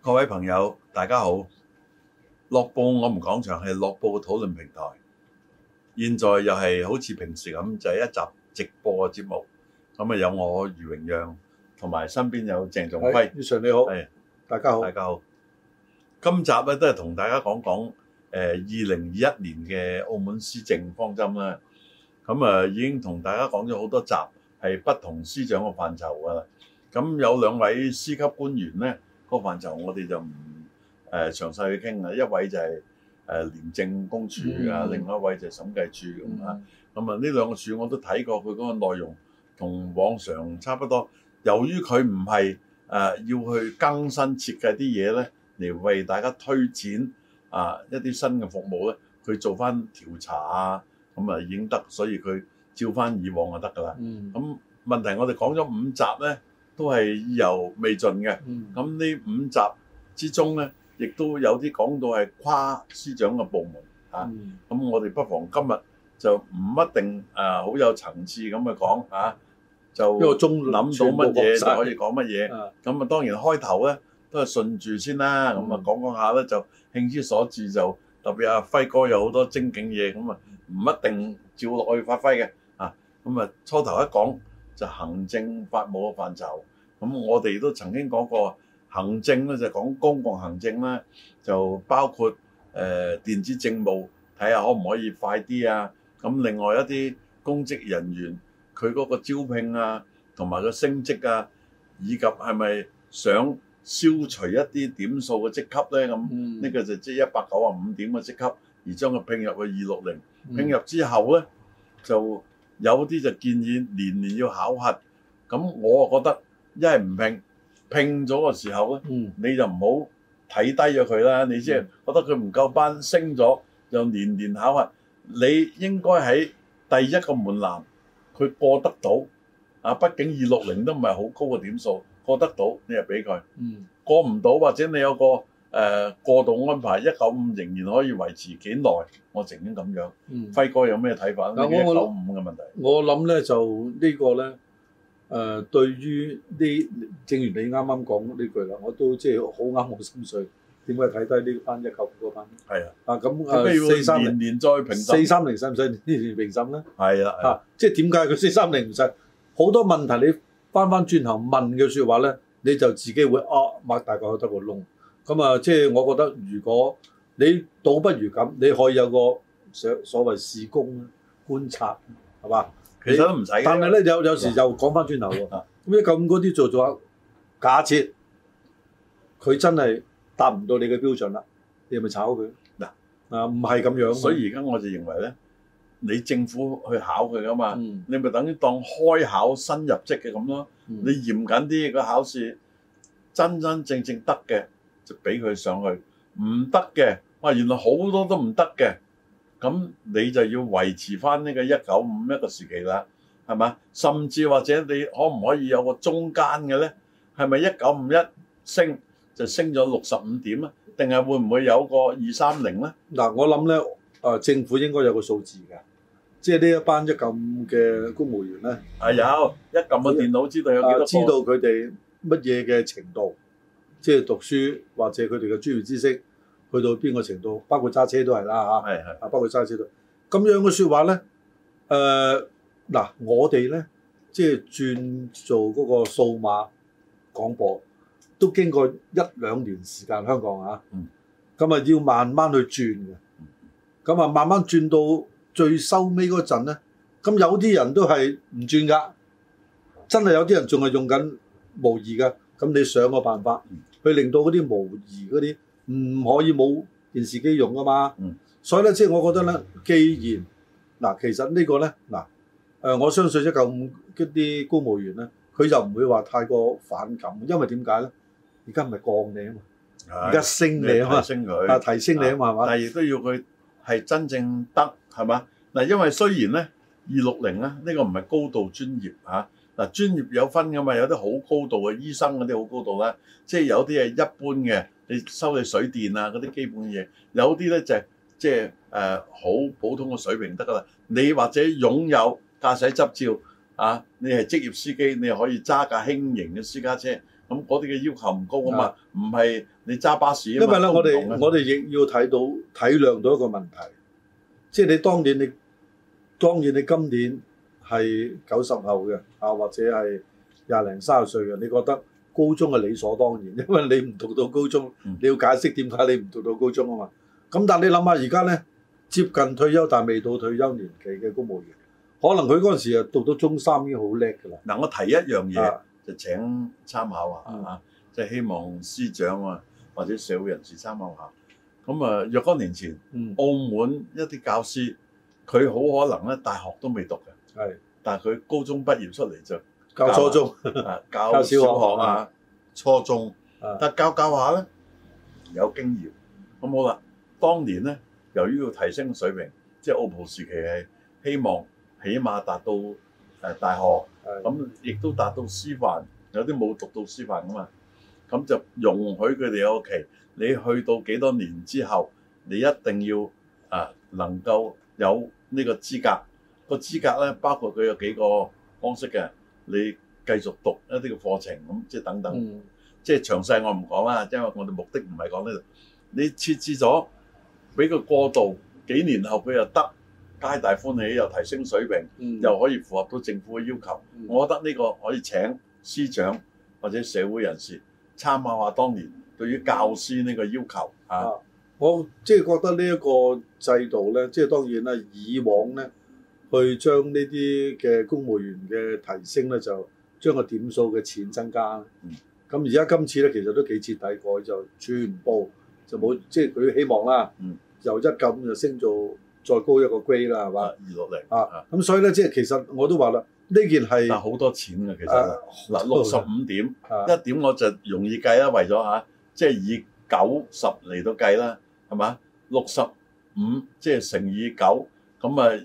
各位朋友，大家好！樂報我們講場，係樂報討論平台。現在又係好似平時咁，就係、是、一集直播嘅節目。咁啊，有我余榮陽，同埋身邊有鄭仲輝。余常你好，大家好，大家好。今集咧都係同大家講講誒，二零二一年嘅澳門施政方針啦。咁啊，已經同大家講咗好多集，係不同司長個範疇㗎啦。咁有兩位司級官員呢、個範疇我哋就唔誒、呃、詳細去傾啦。一位就係、是呃、廉政公署啊，嗯嗯，另外一位就係審計署咁啊。咁、嗯嗯、啊，呢兩個處我都睇過佢嗰個內容，同往常差不多。由於佢唔係誒要去更新設計啲嘢呢，嚟為大家推薦啊、呃、一啲新嘅服務呢，佢做翻調查啊。咁啊已經得，所以佢照翻以往就得㗎啦。咁、嗯、問題我哋講咗五集咧，都係意猶未盡嘅。咁、嗯、呢五集之中咧，亦都有啲講到係跨司長嘅部門咁、啊嗯、我哋不妨今日就唔一定啊，好有層次咁啊講嚇，就諗到乜嘢就可以講乜嘢。咁啊當然開頭咧都係順住先啦。咁啊講講下咧就興之所至就。特別阿輝哥有好多精警嘢，咁啊唔一定照落去發揮嘅，啊咁啊初頭一講就行政法務嘅範疇，咁我哋都曾經講過行政咧就講公共行政咧就包括誒、呃、電子政務，睇下可唔可以快啲啊，咁另外一啲公職人員佢嗰個招聘啊，同埋個升職啊，以及係咪想消除一啲點數嘅職級咧，咁、那、呢個就即係一百九十五點嘅職級，而將佢拼入去二六零。拼入之後咧，就有啲就建議年年要考核。咁我覺覺得一係唔拼，拼咗嘅時候咧，你就唔好睇低咗佢啦。你即係覺得佢唔夠班升咗，就年年考核，你應該喺第一個門檻佢過得到啊。畢竟二六零都唔係好高嘅點數。過得到你又俾佢，過唔到或者你有個誒過度安排，一九五仍然可以維持幾耐？我成日咁樣，輝哥有咩睇法咧？一九五嘅問題，我諗咧就呢個咧誒，對於呢，正如你啱啱講呢句啦，我都即係好啱我心水。點解睇低呢班一九五嗰班？係啊，啊咁啊四三零，年年再評審，四三零使唔使年年評審咧？係啊，嚇！即係點解佢四三零唔使？好多問題你。翻翻轉頭問嘅說話咧，你就自己會啊擘大個口得個窿，咁啊即係我覺得，如果你倒不如咁，你可以有個所所謂試工觀察，係嘛？其實都唔使。但係咧有有時就講翻轉頭喎，咁你咁嗰啲做做下，假設佢真係達唔到你嘅標準啦，你係咪炒佢？嗱啊，唔係咁樣。所以而家我就認為咧。你政府去考佢噶嘛？嗯、你咪等於當開考新入職嘅咁咯。你嚴謹啲，個考試，真真正正得嘅就俾佢上去，唔得嘅哇，原來好多都唔得嘅。咁你就要維持翻呢個一九五一個時期啦，係咪？甚至或者你可唔可以有個中間嘅咧？係咪一九五一升就升咗六十五點啊？定係會唔會有個二三零咧？嗱、呃，我諗咧、呃，政府應該有個數字嘅。即係呢一班一撳嘅公務員咧，係有一撳個電腦知道有幾多，知道佢哋乜嘢嘅程度，即係讀書或者佢哋嘅專業知識去到邊個程度，包括揸車都係啦嚇。係係啊，包括揸車都。咁樣嘅説話咧，誒嗱，我哋咧即係轉做嗰個數碼廣播，都經過一兩年時間香港嚇。嗯。咁啊，要慢慢去轉嘅。嗯。咁啊，慢慢轉到。最收尾嗰陣咧，咁有啲人都係唔轉噶，真係有啲人仲係用緊模擬㗎。咁你想個辦法去令到嗰啲模擬嗰啲唔可以冇電視機用啊嘛。嗯。所以咧，即、就、係、是、我覺得咧、嗯，既然嗱、嗯啊，其實個呢個咧嗱，我相信一九五啲公務員咧，佢就唔會話太過反感，因為點解咧？而家唔係降你嘛，而家升你啊嘛，你提，提升佢啊，提升你啊嘛，但亦都要佢。係真正得係嘛？嗱，因為雖然咧，二六零咧呢個唔係高度專業嚇，嗱、啊、專業有分噶嘛，有啲好高度嘅醫生嗰啲好高度啦，即係有啲係一般嘅，你收你水電啊嗰啲基本嘢，有啲咧就係即係誒好普通嘅水平得噶啦。你或者擁有駕駛執照啊，你係職業司機，你可以揸架輕型嘅私家車，咁嗰啲嘅要求唔高啊嘛，唔係。唔係你揸巴士，因為咧，我哋我哋亦要睇到體諒到一個問題，即係你當年，你當然你今年係九十後嘅啊，或者係廿零三十歲嘅，你覺得高中係理所當然，因為你唔讀到高中，嗯、你要解釋點解你唔讀到高中啊嘛？咁但係你諗下，而家咧接近退休但未到退休年紀嘅公務員，可能佢嗰陣時啊讀到中三已經好叻噶啦。嗱、啊，我提一樣嘢就請參考、嗯、啊，即係希望司長啊。或者社會人士參考一下，咁啊，若干年前、嗯，澳門一啲教師，佢好可能咧，大學都未讀嘅，係，但係佢高中畢業出嚟就教初中教啊， 教小學啊，初中，嗯、但教教下咧有經驗，咁好啦。當年咧，由於要提升水平，即係澳普葡時期係希望起碼達到誒、呃、大學，咁亦都達到師範，有啲冇讀到師範噶嘛。咁就容許佢哋有期，你去到幾多年之後，你一定要啊能夠有呢個資格。個資格咧包括佢有幾個方式嘅，你繼續讀一啲嘅課程咁，即係等等，即係詳細我唔講啦，因為我哋目的唔係講呢度。你設置咗俾佢過渡，幾年後佢又得，皆大歡喜，又提升水平，又可以符合到政府嘅要求。我覺得呢個可以請司長或者社會人士。參考下當年對於教師呢個要求啊，我即係覺得呢一個制度咧，即係當然啦，以往咧去將呢啲嘅公務員嘅提升咧，就將個點數嘅錢增加。嗯。咁而家今次咧，其實都幾徹底，改，就全部就冇，即係佢希望啦。嗯。由一級咁就升做再高一個 grade 啦，嗯，係嘛？二六零。啊。咁、嗯、所以咧，即係其實我都話啦。呢件係好、啊、多錢㗎，其實嗱六十五點一、啊、點我就容易計啦，為咗吓，即係以九十嚟到計啦，係嘛？六十五即係乘以九，咁啊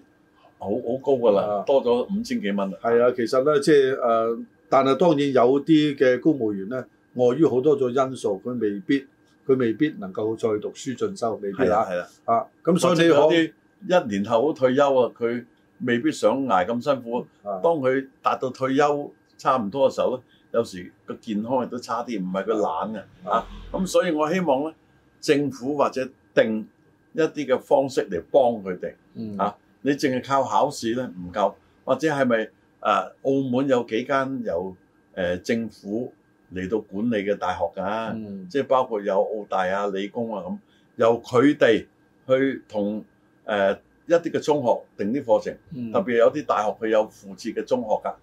好好高㗎啦，多咗五千幾蚊。係啊，其實咧即係誒，但係當然有啲嘅公務員咧，礙於好多種因素，佢未必佢未必能夠再讀書進修，未必啦係啦啊。咁、啊啊、所以你好有啲一年後退休啊，佢。未必想捱咁辛苦，當佢達到退休差唔多嘅時候咧，有時個健康亦都差啲，唔係佢懶嘅啊。咁所以我希望咧，政府或者定一啲嘅方式嚟幫佢哋啊。你淨係靠考試咧唔夠，或者係咪、啊、澳門有幾間由、呃、政府嚟到管理嘅大學㗎、啊嗯？即包括有澳大啊、理工啊咁，由佢哋去同、呃一啲嘅中學定啲課程，特別有啲大學佢有扶持嘅中學㗎，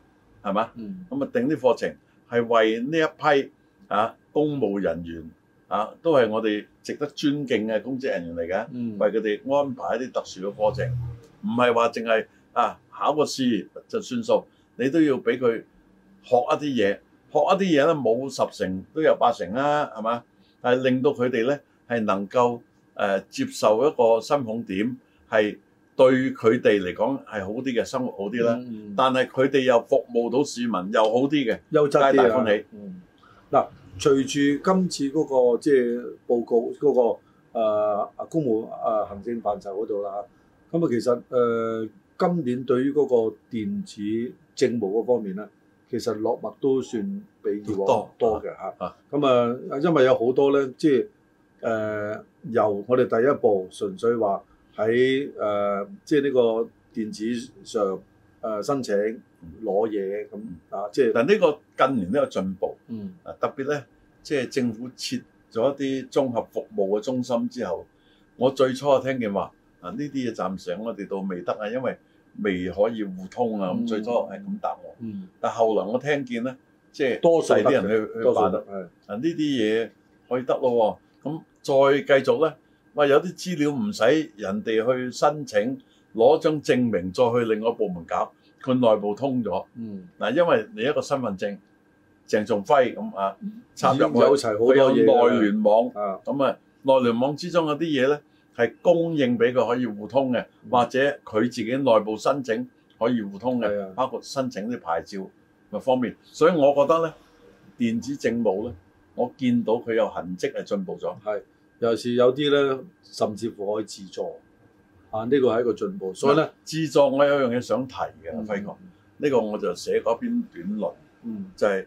係嘛？咁啊定啲課程係為呢一批啊公務人員啊，都係我哋值得尊敬嘅公職人員嚟嘅，為佢哋安排一啲特殊嘅課程，唔係話淨係啊考個試就算數，你都要俾佢學一啲嘢，學一啲嘢咧冇十成都有八成啦，係嘛？但係令到佢哋咧係能夠誒接受一個新恐點係。對佢哋嚟講係好啲嘅，生活好啲啦、嗯嗯。但係佢哋又服務到市民又好啲嘅，優質啲。皆大歡喜。嗱，隨住今次嗰、那個即係報告嗰、那個誒、呃、公務誒、呃、行政範疇嗰度啦。咁啊，其實誒、呃、今年對於嗰個電子政務嗰方面咧，其實落墨都算比以往多嘅嚇。咁啊，啊，啊，啊，因為有好多咧，即係誒、呃、由我哋第一步純粹話。喺誒、呃，即係呢個電子上、呃、申請攞嘢咁啊！即係但呢個近年都有進步，嗯啊，特別咧，即係政府設咗一啲綜合服務嘅中心之後，我最初就聽見話啊，呢啲嘢暫時我哋都未得啊，因為未可以互通啊，咁、嗯、最初係咁答我。嗯，但後來我聽見咧，即係多數得人人去多數係啊，呢啲嘢可以得咯喎，咁再繼續咧。有啲資料唔使人哋去申請，攞張證明再去另外一部門搞，佢內部通咗。嗯，嗱，因為你一個身份證，鄭仲輝咁啊，插入埋一齊好多，佢有一個內聯網啊，咁啊，內聯網之中有啲嘢咧係供應俾佢可以互通嘅，或者佢自己內部申請可以互通嘅，包括申請啲牌照咪方便。所以我覺得咧，電子政務咧，我見到佢有痕跡係進步咗。係。有時有啲咧，甚至乎可以自助啊！呢、這個係一個進步。所以咧，自助我有一樣嘢想提嘅，輝、嗯、哥。呢、這個我就寫過篇短論，嗯，就係、是、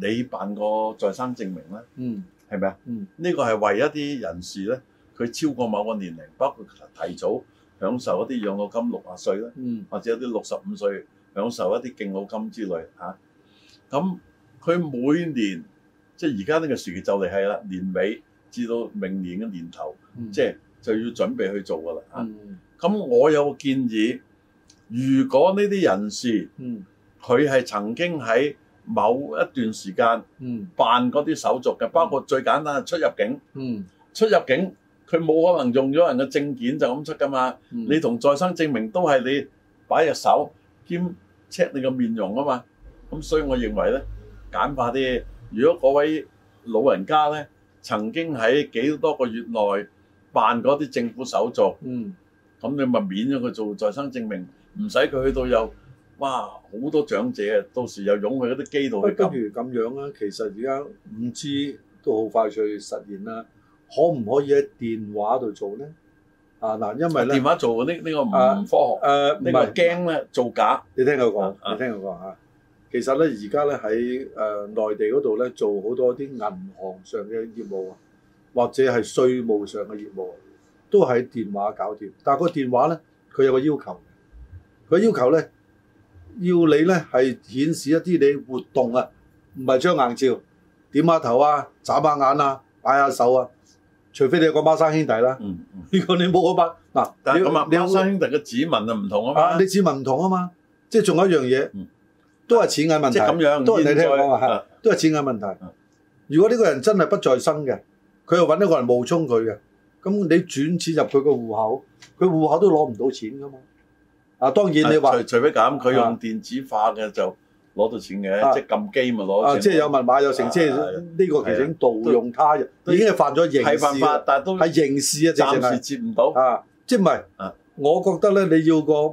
你辦個在生證明咧，嗯，係咪啊？嗯，呢、這個係為一啲人士咧，佢超過某個年齡，包括提早享受一啲養老金六啊歲咧，嗯，或者有啲六十五歲享受一啲敬老金之類，嚇、啊。咁佢每年，即係而家呢個時期就嚟係啦，年尾。至到明年嘅年頭，嗯、即係就要準備去做㗎啦。嚇、嗯，咁我有個建議，如果呢啲人士，佢、嗯、係曾經喺某一段時間辦嗰啲手續嘅、嗯，包括最簡單嘅出入境，嗯、出入境佢冇可能用咗人嘅證件就咁出㗎嘛。嗯、你同再生證明都係你擺隻手兼 check 你嘅面容啊嘛。咁所以我認為咧，簡化啲嘢。如果嗰位老人家咧，曾經喺幾多個月內辦嗰啲政府手續，嗯，咁你咪免咗佢做在生證明，唔使佢去到有哇，好多長者啊，到時又擁去嗰啲機度去。跟住咁樣啦，其實而家唔知都好快脆實現啦，可唔可以喺電話度做咧？啊嗱，因為咧電話做呢呢個唔科學，誒你咪驚咧造假，你聽佢講，你聽佢講啊。其實咧，而家咧喺誒內地嗰度咧，做好多啲銀行上嘅業務啊，或者係稅務上嘅業務，都喺電話搞掂。但係個電話咧，佢有個要求，佢要求咧要你咧係顯示一啲你活動啊，唔係張硬照，點下頭啊，眨下眼啊，擺下手啊。除非你有個孖生兄弟啦，呢、嗯、果、嗯這個、你冇嗰筆嗱，咁啊，你有孖生兄弟嘅指紋啊唔同啊嘛，你指紋唔同啊嘛，即係仲有一樣嘢。嗯都係錢嘅問題，咁、就是、樣都是、啊是。都你聽我話，都係錢嘅問題。啊、如果呢個人真係不在生嘅，佢又搵一個人冒充佢嘅，咁你轉錢入佢個戶口，佢戶口都攞唔到錢噶嘛。啊，當然你話、啊，除非咁，佢用電子化嘅就攞到錢嘅、啊啊，即係撳機咪攞。即係有密碼有成，啊、即係呢個其實已盜用他人，已經係犯咗刑事了。犯法，但係都係刑事啊，暫時接唔到啊。即係唔係？我覺得咧，你要個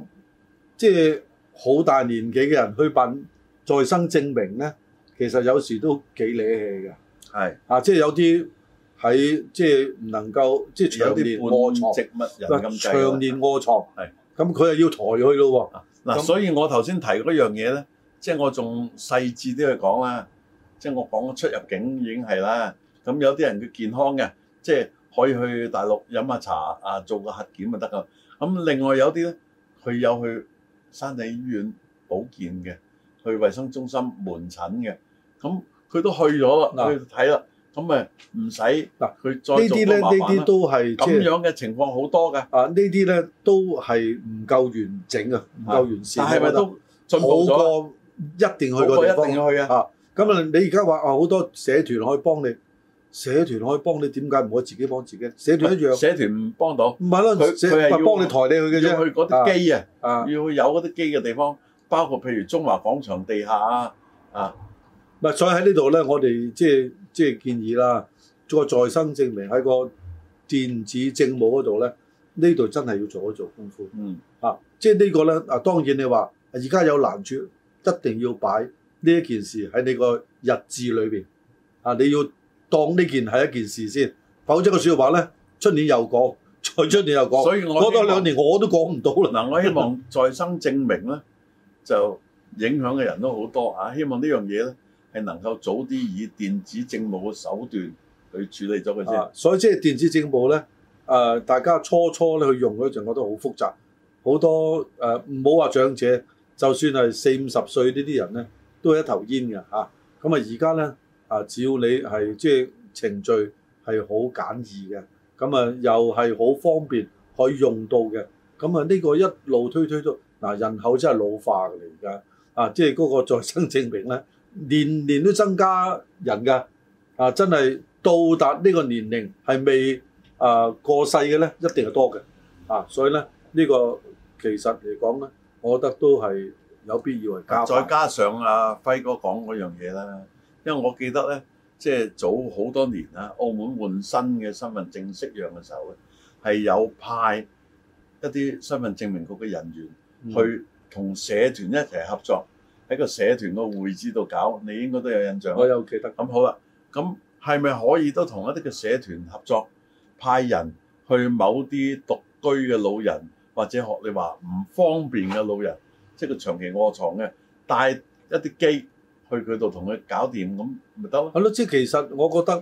即係。好大年紀嘅人去辦在生證明咧，其實有時都幾理氣嘅。係啊，即係有啲喺即係唔能夠即係長年卧牀，長年卧牀。係咁，佢、嗯、又要抬去咯喎。嗱、啊啊，所以我頭先提嗰樣嘢咧，即係我仲細緻啲去講啦。即係我講出入境已經係啦。咁有啲人嘅健康嘅，即係可以去大陸飲下茶啊，做個核檢就得㗎。咁另外有啲咧，佢有去。山頂醫院保健嘅，去衛生中心門診嘅，咁佢都去咗啦，去睇啦，咁咪唔使嗱佢再做個麻煩。呢啲咧，呢啲都係即係咁樣嘅情況好多嘅。啊，呢啲咧都係唔、就是啊、夠完整啊，唔夠完善的是的。但係咪都進步咗？過一定去個地方。一定要去啊！咁啊，你而家話啊，好多社團可以幫你。社團可以幫你，點解唔可以自己幫自己？社團一樣，社團唔幫到，唔係咯，佢佢係幫你抬你去嘅啫。要去嗰啲機啊，要去有嗰啲機嘅地方，啊，包括譬如中華廣場地下啊啊，咪所以喺呢度咧，我哋即係即係建議啦，做個再生證明喺個電子政務嗰度咧，呢度真係要做一做功夫。嗯，啊，即係呢個咧啊，當然你話而家有難處，一定要擺呢一件事喺你個日誌裏邊啊，你要。講呢件係一件事先，否則個説話咧，出年又講，再出年又講，講多兩年我都講唔到啦。嗱、啊，我希望再生證明咧，就影響嘅人都好多啊。希望這呢樣嘢咧，係能夠早啲以電子政務嘅手段去處理咗佢先、啊。所以即係電子政務咧，誒、呃，大家初初咧去用嗰陣，覺得好複雜，好多誒，唔好話長者，就算係四五十歲呢啲人咧，都係一頭煙嘅嚇。咁啊，而家咧。啊！只要你係即係程序係好簡易嘅，咁啊又係好方便可以用到嘅，咁啊呢個一路推推都嗱人口真係老化嚟㗎。啊即係嗰個再生證明咧，年年都增加人㗎，啊真係到達呢個年齡係未啊過世嘅咧，一定係多嘅，啊所以咧呢個其實嚟講咧，我覺得都係有必要嚟加，再加上阿、啊、輝哥講嗰樣嘢咧。因為我記得咧，即係早好多年啦，澳門換新嘅身份證式樣嘅時候咧，係有派一啲身份證明局嘅人員去同社團一齊合作喺個社團個會址度搞，你應該都有印象。我有記得。咁好啦，咁係咪可以都同一啲嘅社團合作，派人去某啲獨居嘅老人或者學你話唔方便嘅老人，即係佢長期臥床嘅，帶一啲機？去佢度同佢搞掂咁，咪得咯。係咯，即係其實我覺得，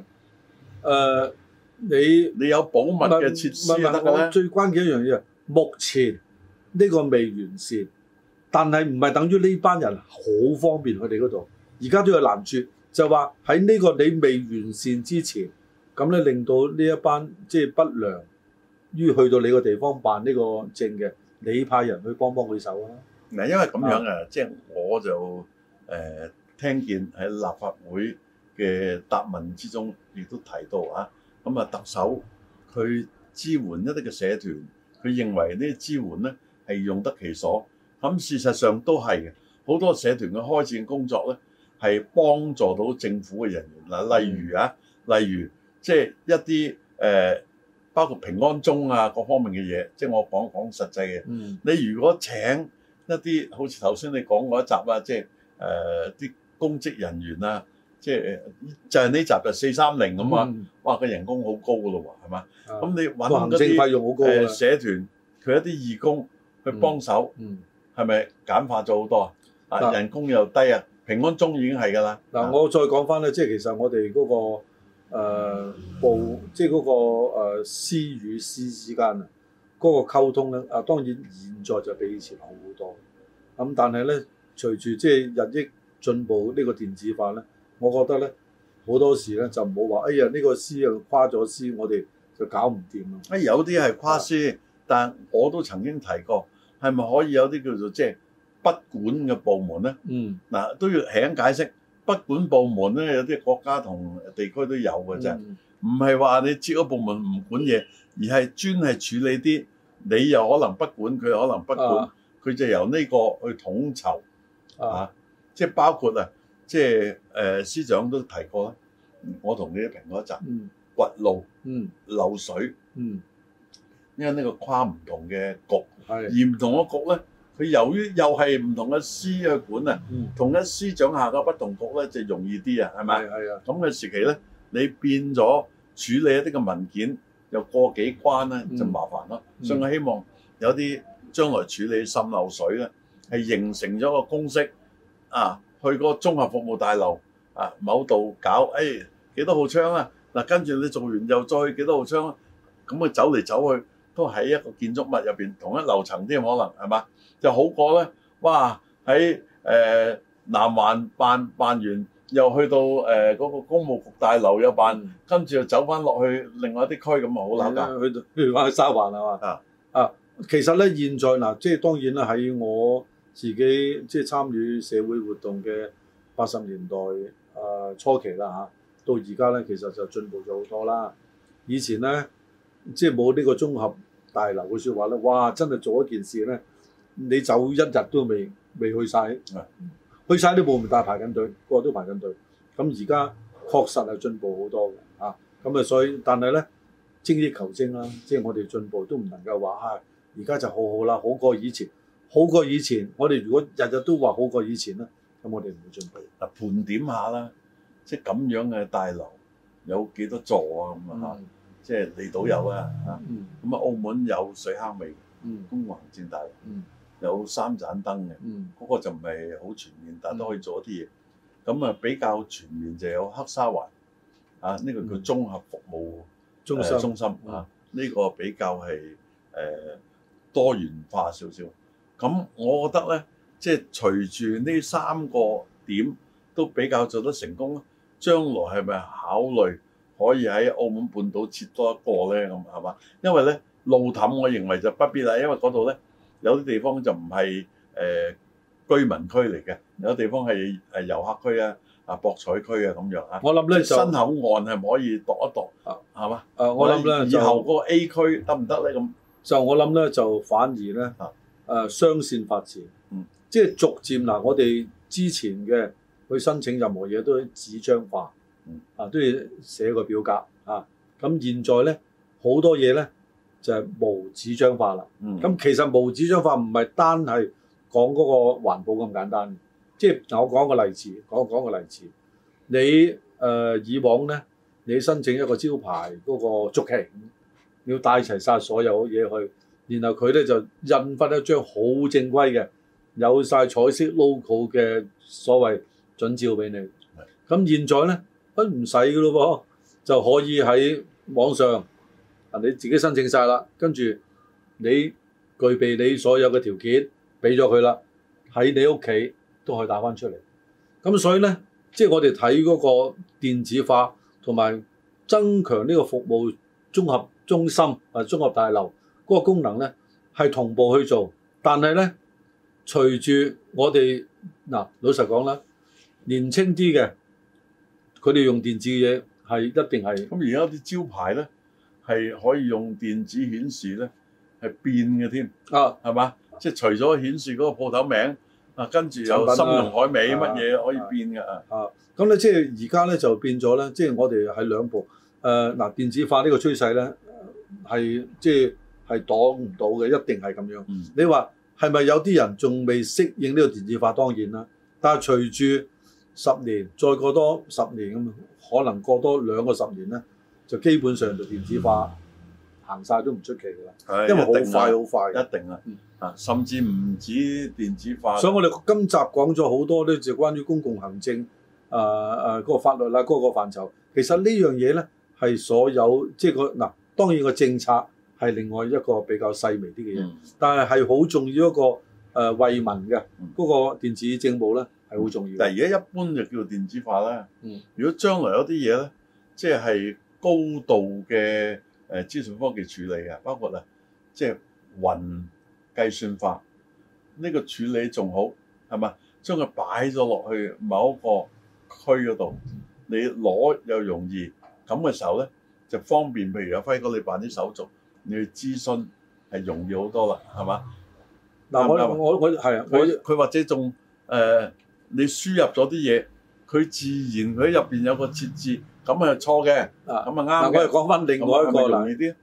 誒、呃，你你有保密嘅設施我㗎咧。最關鍵一樣嘢，目前呢個未完善，但係唔係等於呢班人好方便佢哋嗰度。而家都有難處，就話喺呢個你未完善之前，咁你令到呢一班即係不良於去到你個地方辦呢個證嘅，你派人去幫幫佢手啦。嗱，因為咁樣啊，即係我就誒。呃聽見喺立法會嘅答問之中，亦都提到啊，咁啊特首佢支援一啲嘅社團，佢認為呢啲支援咧係用得其所，咁事實上都係嘅，好多社團嘅開展工作咧係幫助到政府嘅人員嗱，例如啊，例如即係一啲誒、呃、包括平安鐘啊各方面嘅嘢，即係我講講實際嘅。嗯。你如果請一啲好似頭先你講嗰一集啊，即係誒啲。呃公職人員啦，即係就係、是、呢、就是、集就四三零咁啊！哇，個人工好高咯喎，係嘛？咁、嗯、你行政揾嗰啲社團，佢一啲義工去幫手，係、嗯、咪、嗯、簡化咗好多啊？啊、嗯，人工又低啊、嗯！平安中已經係㗎啦。嗱、嗯，我再講翻咧，即係其實我哋嗰、那個誒、呃、即係、那、嗰個、呃、私師與師之間啊，嗰、那個溝通咧啊，當然現在就比以前好好多。咁但係咧，隨住即係日益進步呢個電子化咧，我覺得咧好多事咧就唔好話，哎呀呢、呢個司啊跨咗司，我哋就搞唔掂啊！啊有啲係跨司，但係我都曾經提過，係咪可以有啲叫做即係、就是、不管嘅部門咧？嗯，嗱、啊、都要請解釋，不管部門咧，有啲國家同地區都有嘅啫，唔係話你設咗部門唔管嘢，而係專係處理啲你又可能不管佢，又可能不管佢、啊、就由呢個去統籌啊。啊。即係包括啊，即係誒司長都提過啦，我同你評過一陣，掘路、漏水，因為呢個跨唔同嘅局，而唔同嘅局咧，佢由於又係唔同嘅司嘅管啊，同一司長下個不同局咧就容易啲啊，係咪啊？咁嘅時期咧，你變咗處理一啲嘅文件又過幾關咧，就麻煩咯。所以我希望有啲將來處理滲漏水咧，係形成咗個公式。啊，去個綜合服務大樓啊，某度搞，誒、哎、幾多號窗啊？嗱、啊，跟住你做完又再去幾多號窗，啊，咁佢走嚟走去，都喺一個建築物入邊同一樓層啲可能係嘛？就好過咧，哇！喺誒、呃、南環辦辦完，又去到誒嗰、呃那個公務局大樓又辦，跟住又走翻落去另外一啲區咁啊，好難噶。去譬如翻去沙環係嘛？啊，其實咧現在嗱、呃，即係當然啦，喺我。自己即係參與社會活動嘅八十年代啊初期啦、啊、到而家咧其實就進步咗好多啦。以前咧即係冇呢個綜合大樓嘅說話咧，哇！真係做一件事咧，你走一日都未未去晒，去晒啲部門大排緊隊，個個都排緊隊。咁而家確實係進步好多嘅嚇。咁啊所以，但係咧精益求精啦、啊，即係我哋進步都唔能夠話啊，而家就好好啦，好過以前。好過以前，我哋如果日日都話好過以前啦，咁我哋唔會進步。嗱，盤點下啦，即係咁樣嘅大樓有幾多座啊？咁、嗯、啊嚇，即係離島有啊。嚇、嗯，咁啊、嗯、澳門有水坑尾，公務行政大樓、嗯、有三盞燈嘅，嗰、嗯嗰個就唔係好全面、嗯，但都可以做一啲嘢。咁、嗯、啊比較全面就有黑沙環啊，呢、這個叫綜合服務中、呃、中心，啊呢、這個比較係誒、呃、多元化少少。咁我覺得咧，即係隨住呢三個點都比較做得成功咯。將來係咪考慮可以喺澳門半島設多一個咧？咁係嘛？因為咧，路氹我認為就不必啦，因為嗰度咧有啲地方就唔係、呃、居民區嚟嘅，有地方係誒遊客區啊、啊博彩區啊咁樣啊。我諗咧新口岸係唔可以度一度，係嘛？誒，我諗咧就以後個 A 區得唔得咧？咁就我諗咧就反而咧。誒、啊、雙線發展、嗯，即係逐漸嗱、嗯，我哋之前嘅去申請任何嘢都係紙張化，嗯、啊都要寫個表格啊。咁現在咧好多嘢咧就係、是、無紙張化啦。咁、嗯、其實無紙張化唔係單係講嗰個環保咁簡單，即、就、係、是、我講個例子，講一講一個例子，你誒、呃、以往咧，你申請一個招牌嗰、那個續期，要帶齊晒所有嘢去。然後佢咧就印發一張好正規嘅，有晒彩色 logo 嘅所謂準照俾你。咁現在呢，佢唔使㗎咯喎，就可以喺網上，你自己申請晒啦。跟住你具備你所有嘅條件，俾咗佢啦，喺你屋企都可以打翻出嚟。咁所以呢，即係我哋睇嗰個電子化同埋增強呢個服務綜合中心啊，綜合大樓。嗰、那個功能咧係同步去做，但係咧隨住我哋嗱、啊，老實講啦，年輕啲嘅佢哋用電子嘅嘢係一定係咁，而家啲招牌咧係可以用電子顯示咧係變嘅添啊，係嘛、啊？即係除咗顯示嗰個鋪頭名啊，跟住有參茸海味乜嘢、啊、可以變嘅啊！啊咁咧、啊啊，即係而家咧就變咗咧，即係我哋係兩部。誒嗱，電子化呢個趨勢咧係即係。係擋唔到嘅，一定係咁樣。你話係咪有啲人仲未適應呢個電子化？當然啦。但係隨住十年，再過多十年咁，可能過多兩個十年咧，就基本上就電子化行晒、嗯、都唔出奇㗎啦。因為好快，好快，一定啊啊！甚至唔止電子化。所以我哋今集講咗好多呢就關於公共行政啊啊、呃呃嗰個法律啦嗰、嗰個範疇。其實呢樣嘢咧係所有即係個嗱，當然個政策。係另外一個比較細微啲嘅嘢，但係係好重要一個誒惠、呃、民嘅嗰個電子政務咧，係好重要。嗱、嗯，而家一般就叫電子化啦、嗯。如果將來有啲嘢咧，即、就、係、是、高度嘅誒、呃、資訊科技處理嘅，包括咧即係雲計算化。呢、這個處理仲好係咪將佢擺咗落去某一個區嗰度，你攞又容易咁嘅時候咧，就方便。譬如阿輝哥，你辦啲手續。嗯你去諮詢係容易好多㗎，係嘛？嗱，我我我係啊，佢佢或者仲誒、呃，你輸入咗啲嘢，佢自然佢入邊有個設置，咁係錯嘅，啊，咁係啱嗱，我哋講翻另外一個嗱，呢啲，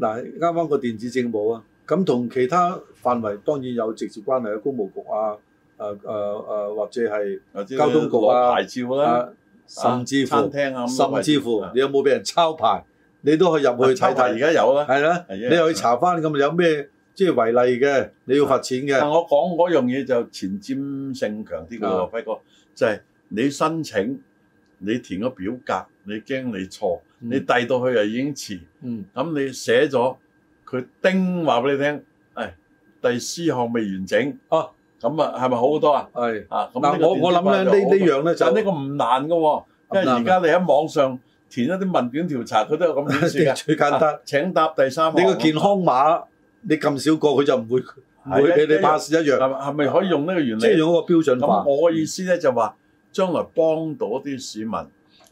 嗱，啱翻個電子政務啊，咁同其他範圍當然有直接關係啊，公務局啊，誒誒誒，或者係交通局啊，牌照甚至乎甚至乎，甚至乎啊、甚至乎你有冇俾人抄牌？你都可以入去睇睇，而家有啦，係啦，你去查翻咁有咩即係違例嘅，你要罰錢嘅。但我講嗰樣嘢就前瞻性強啲嘅喎，輝哥，就係、係、你申請，你填個表格，你驚你錯、嗯，你遞到去又已經遲，咁、嗯、你寫咗，佢叮話俾你聽，係、哎、第四項未完整，咁啊係咪好好多啊？係啊，咁呢、呢個唔、就係就係、難㗎喎、啊，因為而家你喺網上。填一啲文件調查，佢都有咁嘅事最簡單、啊、請答第三。你個健康碼、嗯、你咁少個，佢就唔會唔會俾你巴士一樣。係咪？係咪可以用呢個原理？即係、就係、用嗰個標準。咁我嘅意思咧就話、係，將來幫到啲市民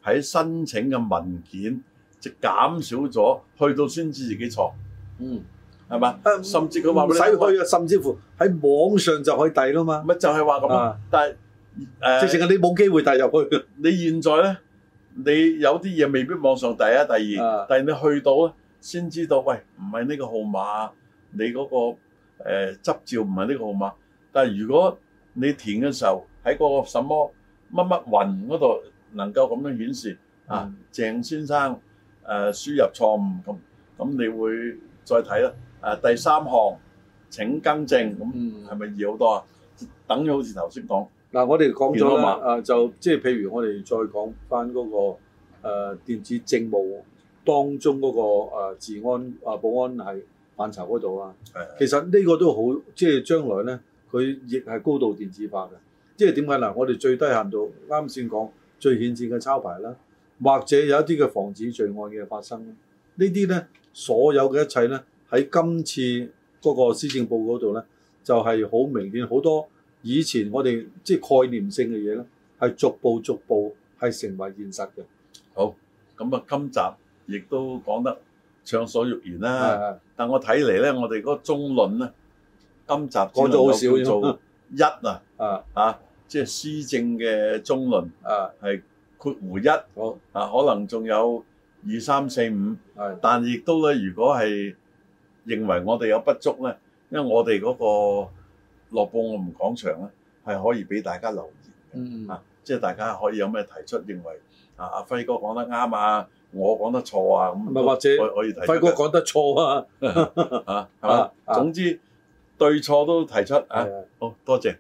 喺申請嘅文件就減少咗，去到先知自己錯，嗯，係嘛、啊？甚至佢話唔使去甚至乎喺網上就可以遞啦嘛。咪就係話咁啊？但係誒，直情係你冇機會遞入去。你現在咧？你有啲嘢未必網上第一、第二，但係你去到咧，先知道喂，唔係呢個號碼，你嗰個誒執照唔係呢個號碼。但係如果你填嘅時候喺嗰個什麼乜乜雲嗰度能夠咁樣顯示啊，鄭先生誒輸入錯誤，咁咁你會再睇啦。誒第三項請更正，咁係咪易好多啊？等於好似頭先講。嗱、啊，我哋講咗啊，就即係譬如我哋再講翻嗰個誒、啊、電子政務當中嗰、那個、啊、治安啊保安係範疇嗰度啦。係，其實呢個都好，即係將來咧，佢亦係高度電子化嘅。即係點解嗱？我哋最低限度啱先講最顯著嘅抄牌啦，或者有一啲嘅防止罪案嘅發生。呢啲咧，所有嘅一切咧，喺今次嗰個施政報告度咧，就係、是、好明顯好多。以前我哋即係概念性嘅嘢咧，係逐步逐步係成為現實嘅。好，咁啊是是是，今集亦都講得暢所欲言啦。但我睇嚟咧，我哋嗰個中論咧，今集講咗好少。做一啊，是是啊，啊，即係施政嘅中論啊，係括弧一。啊，可能仲有二三四五，是是但亦都咧，如果係認為我哋有不足咧，因為我哋嗰個。樂報我哋講場啦，係可以俾大家留言嘅、嗯、即係大家可以有咩提出認為啊阿輝哥講得啱啊，我講得錯啊咁、嗯，或者輝哥講得錯啊嚇，係嘛、啊啊啊？總之、啊、對錯都提出啊，好多謝。